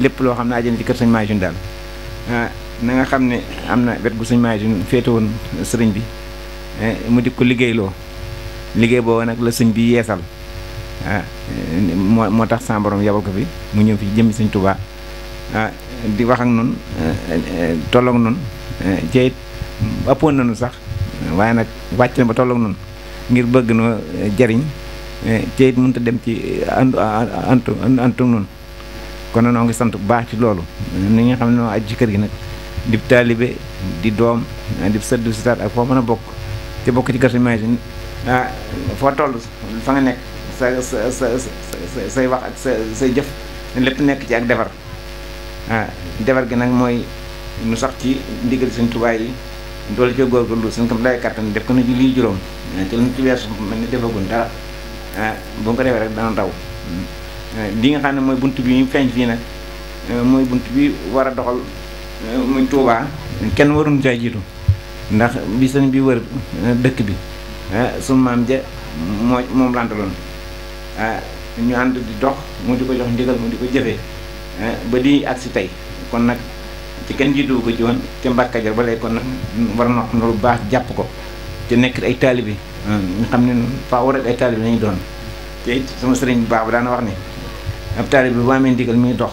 lépp loo xam ne ajana ci kër sëñ Maajun daal ah, na nga xam ne am na wet gu sëñ Maajun féete woon sëriñ bi eh, mu di ko liggéeyloo liggéey boobu nag la sëñ bi yeesal ah, moo moo tax sa borom yabal ko fi mu ñëw fi jëmmi sëñ Tuubaa ah, di wax ak nun eh, eh, tolloog nun ci ëppoon nañu sax waaye nag wàcc na ba tolloog nun ngir bëgg na jariñ ci mënut a dem ci antu antu antu nun kon noo ngi sant bu baax ci loolu ni nga xam ne noo aj ci kër gi nag dib taalibe di doom di sët di sitaat ak foo mën a bokk ci bokk ci Gaston Mbengue ah, foo toll fa nga nekk sa sa sa say wax ak sa say jëf lépp nekk ci ak defar ah defar gi nag mooy nu sax ci ndigal suñ tubaay yi doole cee góorgóorlu suñ kam lay kattan def ko na ci lii juróom ah, ci lu ci weesu mel ni defagun dara ah bu nga ko defee rek dana daw Euh, li nga xam ne mooy bunt bi ñu feeñ fii nag euh, mooy bunt bi war a doxal euh, muy Tuubaa kenn waruñu caa jiitu ndax bi sëñ bi wër dëkk bi su maam ja moo moom lantaloon ñu ànd di dox mu di ko jox ndigal mu di ko jëfee ba di si tey kon nag ci kenn jiituwu ko ci woon te Mbàkke Kajoor ba léegi kon nag war na xam lu baax jàpp ko te nekk ay taali bi ñu xam ne faa war ay bi lañu doon te sama sëriñ bu baax ba daana wax ni ab taalibe bi bu amee ndigal mi ngi dox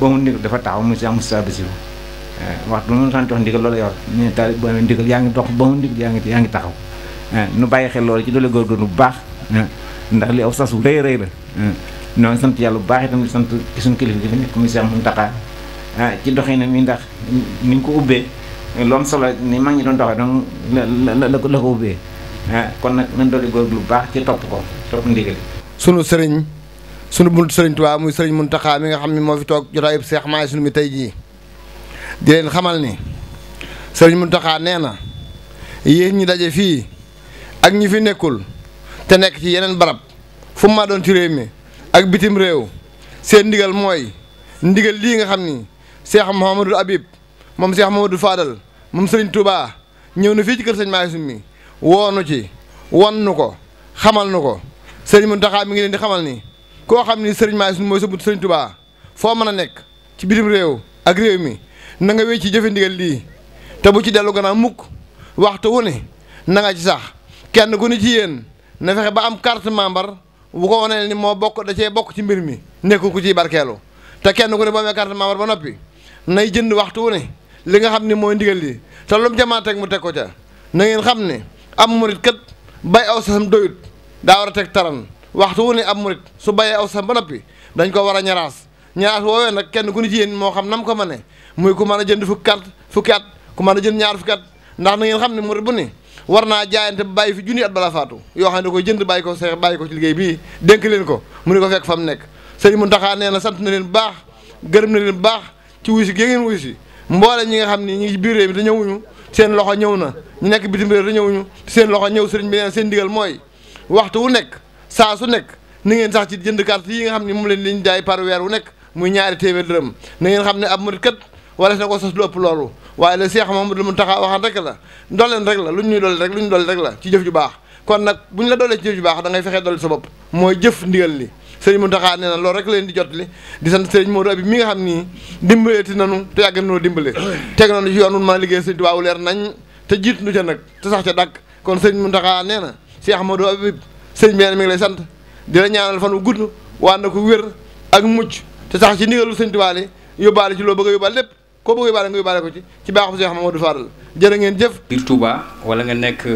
boo mu ndigal dafa taxaw mu Cheikh Moustapha Bassirou eh, waxtu mu san jox ndigal loolu yor ñu ne taalibe bu amee ndigal yaa ngi dox boo mu ndigal yaa ngi yaa ngi taxaw eh, nu bàyyi xel loolu ci doole góorgóorlu bu baax eh, ndax li aw sasu rëy rëy la ñoo sant yàlla bu baax itam di sant ci suñu kilifa gi fi nekk muy Cheikh Mountakha ci doxinam mi ndax ni ñu ko ubbee lu am solo ni mag ñi doon doxee donc la la ko la ko ubbee kon nag nañ doole góorgóorlu bu baax ci topp ko topp ndigal sunu sëriñ sunu bunt sëriñ tubaa muy sëriñ Muntaxa mi nga xam ne moo fi toog jotaay yëpp seex maay sunu mi tey jii di leen xamal ni sëriñ Muntaxa nee na yéen ñi daje fii ak ñi fi nekkul te nekk ci yeneen barab fu maa doon ci réew mi ak bitim réew seen ndigal mooy ndigal lii nga xam ni seex Muhammadul Habib moom seex Muhammadul Faadal moom sëriñ tubaa ñëw na fii ci kër sëñ maay sunu mi woonu ci won nu ko xamal nu ko sëriñ Muntaxa mi ngi leen di xamal ni koo xam ni sëriñ Mahi mooy sa bunt sëriñ Touba foo mën a nekk ci bitim réew ak réew mi na nga wéy ci jëfe ndigal lii te bu ci dellu gannaaw mukk waxtu wu ne na nga ci sax kenn ku ne ci yéen na fexe ba am carte membre bu ko wane ni moo bokk da cee bokk ci mbir mi nekku ku ciy barkeelu te kenn ku ne boo amee carte ba noppi nay jënd waxtu wu ne li nga xam ni mooy ndigal lii te lu mu jamaa teg mu teg ko ca na ngeen xam ne am murit kat bay aw sasam doyut a teg taran waxtu wu ne ab murit su bayee aw sam ba noppi dañ ko war a ñaraas ñaraas woowee nag kenn ku ni ci moo xam nam ko ma mëne muy ku mën a jënd fukki at fukki at ku mën a jënd ñaar fukki at ndax na ngeen xam ne murit bu ne war naa jaayante bàyyi fi junni at bala faatu yoo xam ne koy jënd bàyyi ko seex bàyyi ko ci liggéey bii dénk leen ko mu ni ko fekk fa mu nekk sëriñ Muntaxa nee na sant na leen bu baax gërëm na leen baax ci wuusi gi ngeen wuusi mboole ñi nga xam ne ñi ngi ci biir réew seen loxo ñëw na ñu nekk bitim réew te ñëwuñu seen loxo ñëw sëriñ bi nee na seen mooy waxtu wu nekk saa su nekk ni ngeen sax ci jënd carte yi nga xam ne moom leen liñ jaay par weer wu nekk muy ñaari téeméer dërëm na xam ne ab murit kat wala na ko sos lu ëpp loolu waaye la Cheikh Mamadou Mountakha waxaan rek la dooleen rek la lu ñu doole rek lu ñu doole rek la ci jëf ju baax kon nag bu ñu la doolee ci jëf baax da ngay fexee doole sa bopp mooy jëf ndigal li sëriñ Mountakha nee na loolu rek leen di jot li di sant sëriñ Modou mi nga xam nii dimbaleeti nanu te yàgg nanu dimbale teg nanu ci yoon wun mën a liggéey sëriñ Tuubaa wu leer nañ te jiit nu ca nag sax ca dàkk kon sëriñ Mountakha nee na Cheikh Modou Habib sëñ bi mi ngi lay sant di la ñaanal waan na ko wér ak mucc te sax ci ndigalu sëñ Tuubaa li yóbbaale ci loo bëgg a yóbbaale lépp koo bëgg a yóbbaale nga yóbbaale ci ci baaxu Seex Mamadu Faadal jërë ngeen jëf. biir Touba wala nga nekk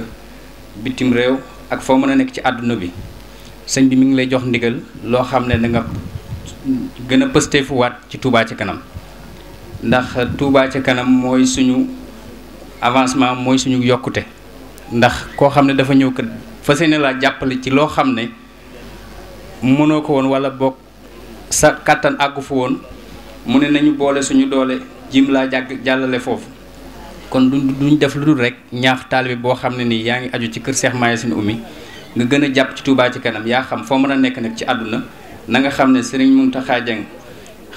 bitim réew ak foo mën a nekk ci àdduna bi sëñ bi mi ngi lay jox ndigal loo xam ne danga gën a pëstefuwaat ci Touba ci kanam ndax Touba ci kanam mooy suñu avancement mooy suñu yokkute ndax koo xam ne dafa ñëw kat fas yéene laa jàppale ci loo xam ne mënoo ko woon wala bokk sa kàttan àggu fa woon mu ne nañu boole suñu doole jim laa jàgg jàllale foofu kon du duñ def lu dul rek ñaax taalibe boo xam ne nii yaa ngi aju ci kër Cheikh Mayacine umi nga gën a jàpp ci Touba ci kanam yaa xam foo mën a nekk nag ci àdduna na nga xam ne sëriñ Mountakha Dieng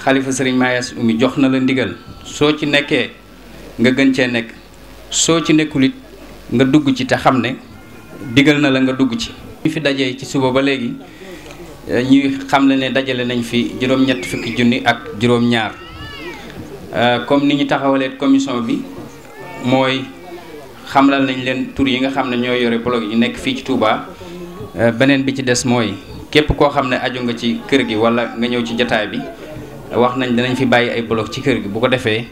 xalifa Serigne Mayacine Oumy jox na la ndigal soo ci nekkee nga gën cee nekk soo ci nekkul it nga dugg ci te xam ne digal na la nga dugg ci ñu fi dajee ci suba ba léegi eh, ñuy xamle ne dajale nañ fi juróom-ñett fukki junni ak juróom-ñaar eh, comme ni ñu taxawalee commission bi mooy xam xamlal nañ leen tur yi nga xam ne ñoo yore blog yi nekk fii ci Touba eh, beneen bi ci des mooy képp koo xam ne aju nga ci kër gi wala nga ñëw ci jataay bi wax nañ danañ fi bàyyi ay blog ci kër gi bu ko defee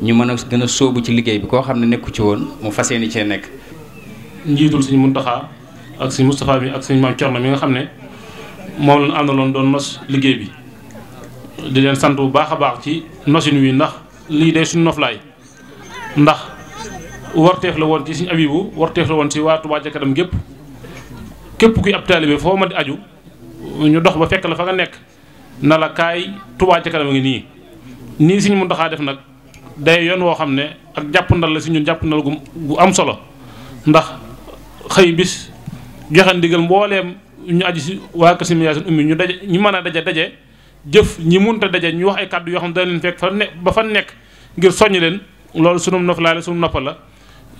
ñu mën a gën a soobu ci liggéey bi koo xam ne nekku ci woon mu fas ni cee nekk njiitul suñu Muntaxa ak suñu Moustapha bi ak suñu maam Thierno mi nga xam ne moom la àndaloon doon nos liggéey bi di leen sant bu baax a baax ci nosin wi ndax lii day suñu noflaay ndax warteef la woon ci suñu abibu warteef la woon si waa Touba ca kanam gépp képp kuy ab taalibe foo ma di aju ñu dox ba fekk la fa nga nekk na la kaay Touba ca kanam ngi nii nii suñu Muntaxa def nag day yoon woo xam ne ak jàpp ndal la suñu jàpp jàppandal gu am solo ndax xëy bis joxe ndigal mbooleem ñu aji si waa Kër Sëriñ Yaasin ummi ñu daje ñu mën a daje daje jëf ñi munta daje ñu wax ay kàddu yoo xam ne dana leen fekk fa ne ba fa nekk ngir soññ leen loolu sunu noflaale sunu noppal la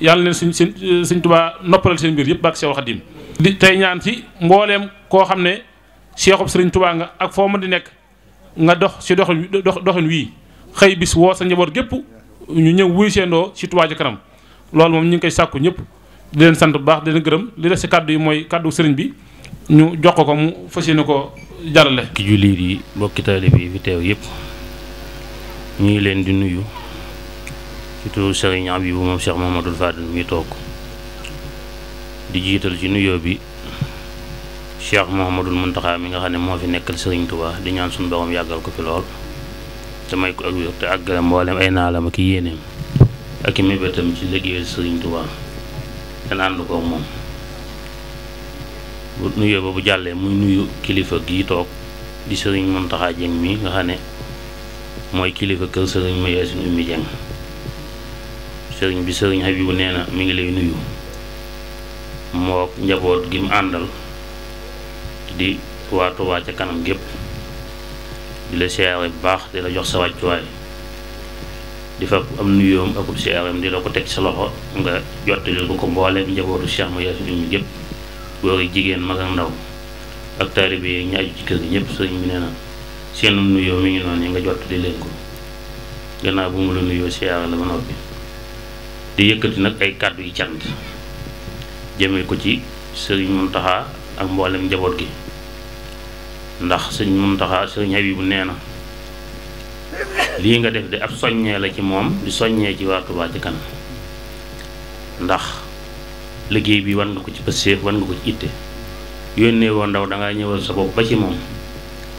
yàlla leen suñ seen suñ tubaa noppalal seen mbir yëpp bak Seex Xaadim di tey ñaan ci mbooleem koo xam ne seexub sëriñ nga ak foo ma di nekk nga dox si doxin doxin wii xëy bis woo sa njaboot gépp ñu ñëw wuy seendoo si Touba Ca Kanam loolu moom ñu ngi koy sàkku ñëpp di leen sant bu baax di gërëm li des ci kàddu yi mooy kàddu sëriñ bi ñu jox ko ko mu fas yéene ko jàllale. ki jullit yi mbokki taalibe fi teew yëpp ñu ngi leen di nuyu ci turu sëriñ Abibu moom Cheikh Mamadou Fadil mi toog di jiital ci nuyoo bi. cheikh Mouhamadul Muntaxa mi nga xam ne moo fi nekkal Serigne Touba di ñaan suñu borom yàggal ko fi lool te may ko ak wér te àggale mboolem ay naalam ak i yéeneem ak i mébétam ci liggéeyal Serigne Touba. dana ànd koog moom bu nuyoo ba bu jàllee muy nuyu kilifa gii toog di sëriñ Mountakha Dieng mi nga xam ne mooy kilifa kër sëriñ ma Yacine Oumy sëriñ bi sëriñ Habibou nee na mi ngi lay nuyu mook njaboot gi mu àndal di waa Touba ca kanam gépp di la siyaare baax di la jox sa wàccuwaay di fab am nuyoom akub siyaaram di la ko teg sa loxo nga jottalil ko ko mbooleem njabootu Cheikh Mayacine ñu gépp góor ak jigéen mag ndaw ak taalibe yi ñaaju ci kër gi ñëpp sëriñ bi nee na seen nuyoo mi ngi noonu nga jottali leen ko gannaaw bu mu la nuyoo siyaara la ba noppi di yëkkati nag ay kàddu yi cant jëmee ko ci sëriñ taxaa ak mboolem njaboot gi ndax sëriñ Muntaxa sëriñ Habibu nee na lii nga def di ab soññee la ci moom di soññee ci waa Touba Kanam ndax liggéey bi wan nga ko ci pëseef wan nga ko ci itte yónnee woon ndaw da ngaa ñëwal sa bopp ba ci moom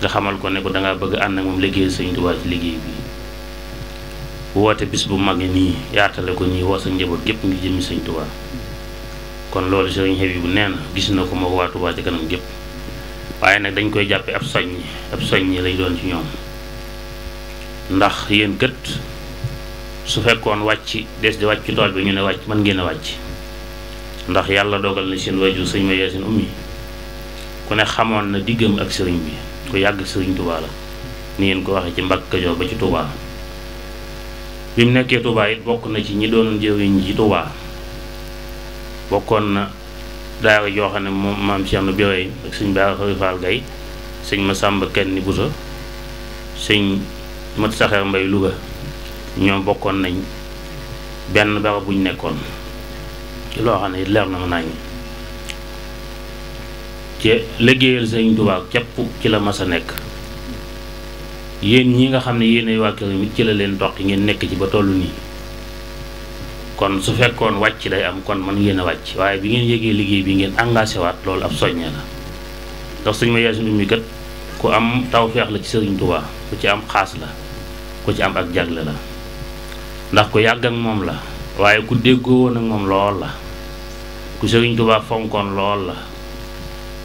nga xamal ko ne ko da bëgg ànd ak moom liggéeyal Sëñ Touba ci liggéey bi woote bis bu mag nii yaatale ko nii woo sa njaboot gépp ngi jëmmi Sëñ Touba kon loolu Sëriñ Habibou nee na gis na ko moo waa Touba Ca Kanam gépp waaye nag dañ koy jàppe ab soññi ab soññi lay doon ci ñoom ndax yéen kët su fekkoon wàcc des di wàcc tool bi ñu ne wàcc mën ngeen a wàcc ndax yàlla dogal na seen waju sëñ ma yee seen ummi ku ne xamoon na diggam ak sëriñ bi ku yàgg sëriñ Touba la ni ngeen ko waxee ci Mbàkke Kajoor ba ci Touba bi mu nekkee Touba it bokk na ci ñi doon jëwiñ ci Touba bokkoon na daara joo xam ne moom maam Cerno Birahim ak sëñ Bara Fall Gaye sëñ Masamba Kanni Bousso sëñ mat saxeer mbay Louga ñoom bokkoon nañ benn barab bu nekkoon ci loo xam ne it leer na ma naa ñu ci liggéeyal sëñ Tuubaa képp ci la masa nekk yéen ñi nga xam ne yéenay waa kër mi ci la leen toqi ngeen nekk ci ba toll nii kon su fekkoon wàcc day am kon mën ngeen a wàcc waaye bi ngeen yégee liggéey bi ngeen engagé waat loolu ab soññe la ndax sëñ ma yaasin mi kat ku am tawfeex la ci sëriñ Tuubaa ku ci am xaas la ku ci am ak jagle la ndax ku yàgg ak moom la waaye ku déggoo woon ak moom lool la ku Sëriñ Tuubaa fonkoon lool la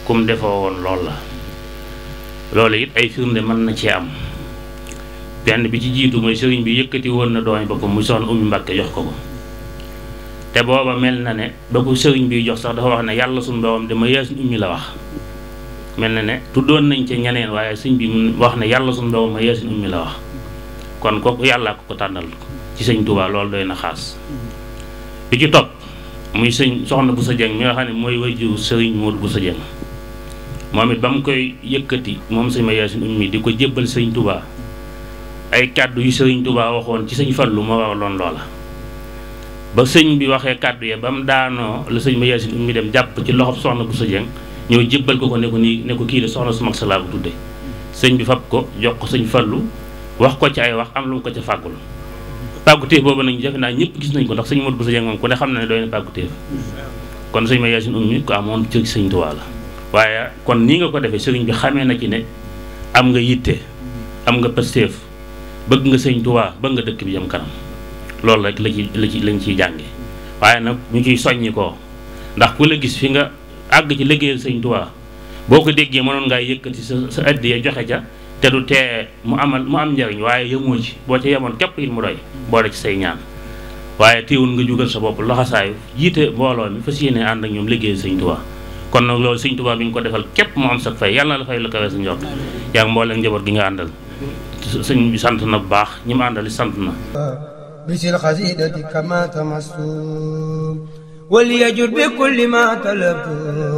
kum defoo woon lool la loolu it ay firnde mën na ci am benn bi ci jiitu mooy sëriñ bi yëkkati woon na doomi boppam muy soxna Umi Mbàkke jox ko ko te booba mel na ne ba ko sëriñ bi jox sax dafa wax ne yàlla suñu doom dama yees ummi la wax mel na ne tuddoon nañ ca ñeneen waaye sëriñ bi wax ne yàlla suñu doom ma yees ummi la wax kon kooku yàllaa ko ko tànnal ci sëñ Touba loolu doy na xaas bi ci topp muy sëñ soxna bu sa jeng mi nga xam ne mooy wajju sëriñ Modou bu sa jeng moom it ba mu koy yëkkati moom sëñ ma yaasin ummi di ko jébbal sëñ Touba ay kàddu yu sëriñ Touba waxoon ci sëñ Fallu ma waraloon loola ba sëñ bi waxee kàddu ya ba mu daanoo la sëñ ma yaasin ummi dem jàpp ci loxob soxna bu sa jeng ñëw jébbal ko ko ne ko nii ne kii de soxna su mag sa laa ko tudde sëñ bi fab ko wax ko ci ay wax am lu mu ko ca fàggul pàggutéef boobu nag jafe naa ñëpp gis nañ ko ndax sëñ Modou Bousso Dieng moom ku ne xam na ne doy na pàggutéef kon sëñ ma Yaasin Ummi ko amoon ci sëñ Tuubaa la waaye kon nii nga ko defee sëriñ bi xamee na ci ne am nga yitte am nga pësteef bëgg nga sëñ Tuubaa bëgg nga dëkk bi jëm kanam loolu rek la ci la lañ ciy jànge waaye nag ñu ki soññi koo ndax ku la gis fi nga àgg ci liggéeyal sëñ Tuubaa boo ko déggee mënoon ngaa yëkkati sa sa addiya joxe ca te du tee mu amal mu am njariñ waaye yemoo ci boo ca yemoon képp it mu doy boo ci say ñaan waaye téewul nga jugal sa bopp laxasaayu jiite mbooloo mi fas yéene ànd ak ñoom liggéey sëñ Tuubaa kon nag loolu sëñ Tuubaa bi ñu ko defal képp mu am sa fay yàlla na la fay la kawee sa njort yaa ngi mbooleem njaboot gi nga àndal sëñ bi sant na bu baax ñi mu àndali sant na bisil xasidati kama a وليجر بكل ما طلبت